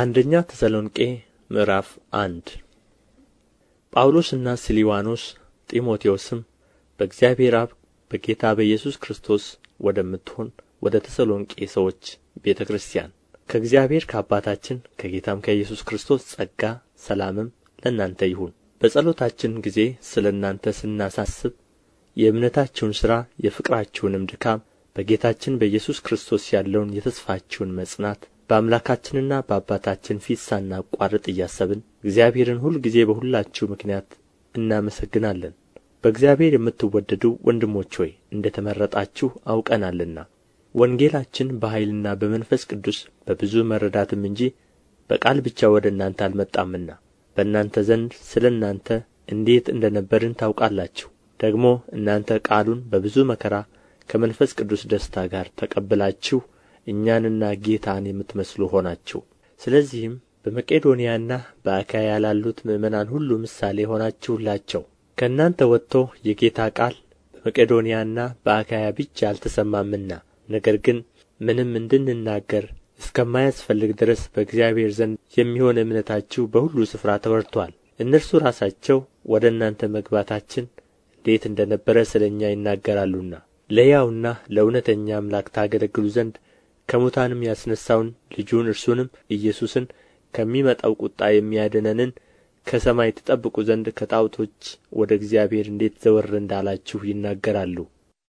አንደኛ ተሰሎንቄ ምዕራፍ አንድ ጳውሎስና ሲሊዋኖስ ጢሞቴዎስም በእግዚአብሔር አብ በጌታ በኢየሱስ ክርስቶስ ወደምትሆን ወደ ተሰሎንቄ ሰዎች ቤተ ክርስቲያን ከእግዚአብሔር ከአባታችን ከጌታም ከኢየሱስ ክርስቶስ ጸጋ ሰላምም ለእናንተ ይሁን። በጸሎታችን ጊዜ ስለ እናንተ ስናሳስብ የእምነታችሁን ሥራ የፍቅራችሁንም ድካም በጌታችን በኢየሱስ ክርስቶስ ያለውን የተስፋችሁን መጽናት በአምላካችንና በአባታችን ፊት ሳናቋርጥ እያሰብን እግዚአብሔርን ሁልጊዜ በሁላችሁ ምክንያት እናመሰግናለን በእግዚአብሔር የምትወደዱ ወንድሞች ሆይ እንደ ተመረጣችሁ አውቀናልና ወንጌላችን በኃይልና በመንፈስ ቅዱስ በብዙ መረዳትም እንጂ በቃል ብቻ ወደ እናንተ አልመጣምና በእናንተ ዘንድ ስለ እናንተ እንዴት እንደ ነበርን ታውቃላችሁ። ደግሞ እናንተ ቃሉን በብዙ መከራ ከመንፈስ ቅዱስ ደስታ ጋር ተቀብላችሁ እኛንና ጌታን የምትመስሉ ሆናችሁ ስለዚህም በመቄዶንያና በአካያ ላሉት ምእመናን ሁሉ ምሳሌ ሆናችሁላቸው ከእናንተ ወጥቶ የጌታ ቃል በመቄዶንያና በአካያ ብቻ አልተሰማምና ነገር ግን ምንም እንድንናገር እስከማያስፈልግ ድረስ በእግዚአብሔር ዘንድ የሚሆን እምነታችሁ በሁሉ ስፍራ ተወርቶአል። እነርሱ ራሳቸው ወደ እናንተ መግባታችን እንዴት እንደ ነበረ ስለ እኛ ይናገራሉና ለሕያውና ለእውነተኛ አምላክ ታገለግሉ ዘንድ ከሙታንም ያስነሣውን ልጁን እርሱንም ኢየሱስን ከሚመጣው ቁጣ የሚያድነንን ከሰማይ ትጠብቁ ዘንድ ከጣዖቶች ወደ እግዚአብሔር እንዴት ዘወር እንዳላችሁ ይናገራሉ